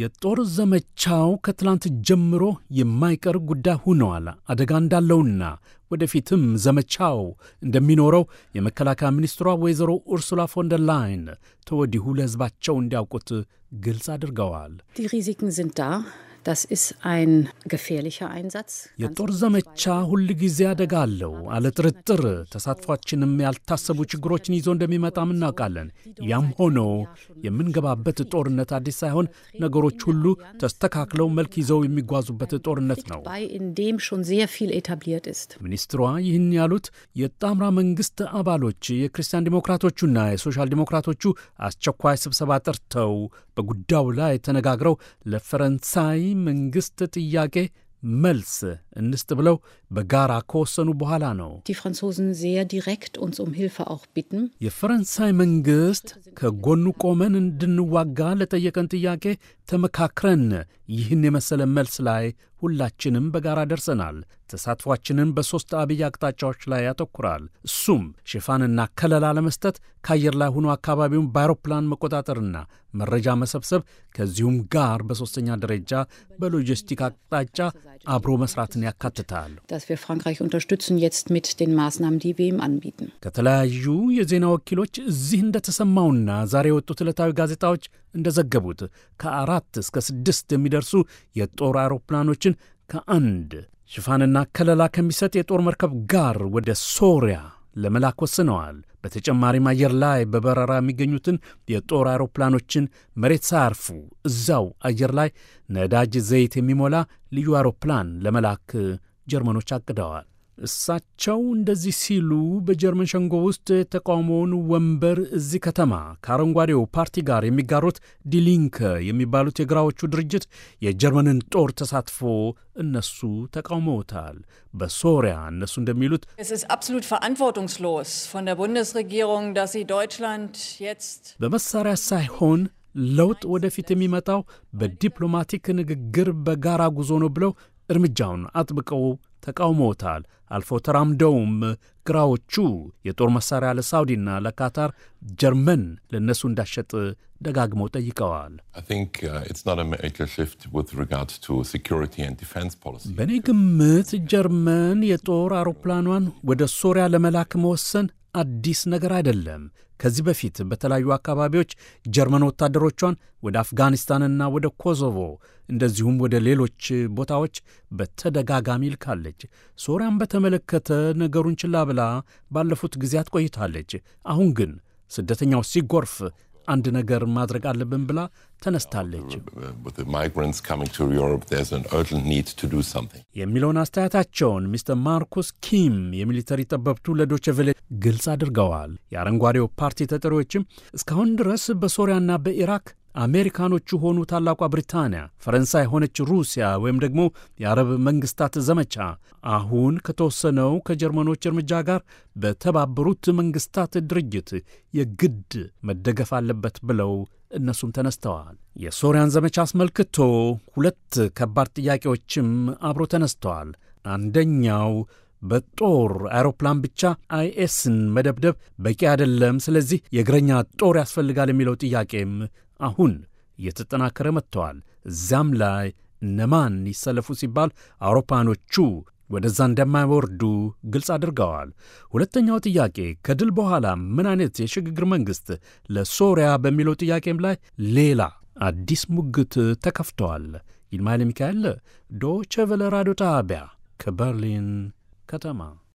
የጦር ዘመቻው ከትላንት ጀምሮ የማይቀር ጉዳይ ሆነዋል። አደጋ እንዳለውና ወደፊትም ዘመቻው እንደሚኖረው የመከላከያ ሚኒስትሯ ወይዘሮ ኡርሱላ ፎንደርላይን ተወዲሁ ለሕዝባቸው እንዲያውቁት ግልጽ አድርገዋል። የጦር ዘመቻ ሁል ጊዜ አደጋ አለው፣ አለ ጥርጥር። ተሳትፏችንም ያልታሰቡ ችግሮችን ይዞ እንደሚመጣም እናውቃለን። ያም ሆኖ የምንገባበት ጦርነት አዲስ ሳይሆን ነገሮች ሁሉ ተስተካክለው መልክ ይዘው የሚጓዙበት ጦርነት ነው። ሚኒስትሯ ይህን ያሉት የጣምራ መንግስት አባሎች የክርስቲያን ዲሞክራቶቹና የሶሻል ዲሞክራቶቹ አስቸኳይ ስብሰባ ጠርተው በጉዳዩ ላይ ተነጋግረው ለፈረንሳይ መንግሥት ጥያቄ መልስ እንስጥ ብለው በጋራ ከወሰኑ በኋላ ነው። um የፈረንሳይ መንግሥት ከጎኑ ቆመን እንድንዋጋ ለጠየቀን ጥያቄ ተመካክረን ይህን የመሰለ መልስ ላይ ሁላችንም በጋራ ደርሰናል። ተሳትፏችንን በሦስት አብይ አቅጣጫዎች ላይ ያተኩራል። እሱም ሽፋንና ከለላ ለመስጠት ከአየር ላይ ሆኖ አካባቢውን በአውሮፕላን መቆጣጠርና መረጃ መሰብሰብ፣ ከዚሁም ጋር በሦስተኛ ደረጃ በሎጂስቲክ አቅጣጫ አብሮ መስራትን ያካትታል። dass wir Frankreich unterstützen jetzt mit den Maßnahmen, die wir ihm anbieten። ከተለያዩ የዜና ወኪሎች እዚህ እንደተሰማውና ዛሬ የወጡት ዕለታዊ ጋዜጣዎች እንደዘገቡት ከአራት እስከ ስድስት የሚደርሱ የጦር አውሮፕላኖችን ከአንድ ሽፋንና ከለላ ከሚሰጥ የጦር መርከብ ጋር ወደ ሶሪያ ለመላክ ወስነዋል። በተጨማሪም አየር ላይ በበረራ የሚገኙትን የጦር አውሮፕላኖችን መሬት ሳያርፉ እዛው አየር ላይ ነዳጅ ዘይት የሚሞላ ልዩ አውሮፕላን ለመላክ ጀርመኖች አቅደዋል። እሳቸው እንደዚህ ሲሉ በጀርመን ሸንጎ ውስጥ የተቃውሞውን ወንበር እዚህ ከተማ ከአረንጓዴው ፓርቲ ጋር የሚጋሩት ዲሊንከ የሚባሉት የግራዎቹ ድርጅት የጀርመንን ጦር ተሳትፎ እነሱ ተቃውመውታል። በሶሪያ እነሱ እንደሚሉት በመሳሪያ ሳይሆን ለውጥ ወደፊት የሚመጣው በዲፕሎማቲክ ንግግር፣ በጋራ ጉዞ ነው ብለው እርምጃውን አጥብቀው ተቃውመውታል። አልፎ ተራምደውም ግራዎቹ የጦር መሣሪያ ለሳውዲና ለካታር ጀርመን ለእነሱ እንዳሸጥ ደጋግመው ጠይቀዋል። uh, በእኔ ግምት ጀርመን የጦር አውሮፕላኗን ወደ ሶሪያ ለመላክ መወሰን አዲስ ነገር አይደለም። ከዚህ በፊት በተለያዩ አካባቢዎች ጀርመን ወታደሮቿን ወደ አፍጋኒስታንና ወደ ኮሶቮ እንደዚሁም ወደ ሌሎች ቦታዎች በተደጋጋሚ ልካለች። ሶሪያን በተመለከተ ነገሩን ችላ ብላ ባለፉት ጊዜያት ቆይታለች። አሁን ግን ስደተኛው ሲጎርፍ አንድ ነገር ማድረግ አለብን ብላ ተነስታለች የሚለውን አስተያየታቸውን ሚስተር ማርኩስ ኪም የሚሊተሪ ጠበብቱ ለዶቸቬሌ ግልጽ አድርገዋል። የአረንጓዴው ፓርቲ ተጠሪዎችም እስካሁን ድረስ በሶሪያና በኢራክ አሜሪካኖቹ ሆኑ ታላቋ ብሪታንያ፣ ፈረንሳይ የሆነች ሩሲያ ወይም ደግሞ የአረብ መንግስታት ዘመቻ አሁን ከተወሰነው ከጀርመኖች እርምጃ ጋር በተባበሩት መንግስታት ድርጅት የግድ መደገፍ አለበት ብለው እነሱም ተነስተዋል። የሶሪያን ዘመቻ አስመልክቶ ሁለት ከባድ ጥያቄዎችም አብሮ ተነስተዋል። አንደኛው በጦር አውሮፕላን ብቻ አይኤስን መደብደብ በቂ አይደለም፣ ስለዚህ የእግረኛ ጦር ያስፈልጋል የሚለው ጥያቄም አሁን እየተጠናከረ መጥተዋል። እዚያም ላይ እነማን ይሰለፉ ሲባል አውሮፓኖቹ ወደዛ እንደማይወርዱ ግልጽ አድርገዋል። ሁለተኛው ጥያቄ ከድል በኋላ ምን አይነት የሽግግር መንግሥት ለሶሪያ በሚለው ጥያቄም ላይ ሌላ አዲስ ሙግት ተከፍተዋል። ይልማይል ሚካኤል ዶቼ ቬለ ራዲዮ ጣቢያ ከበርሊን Katamar.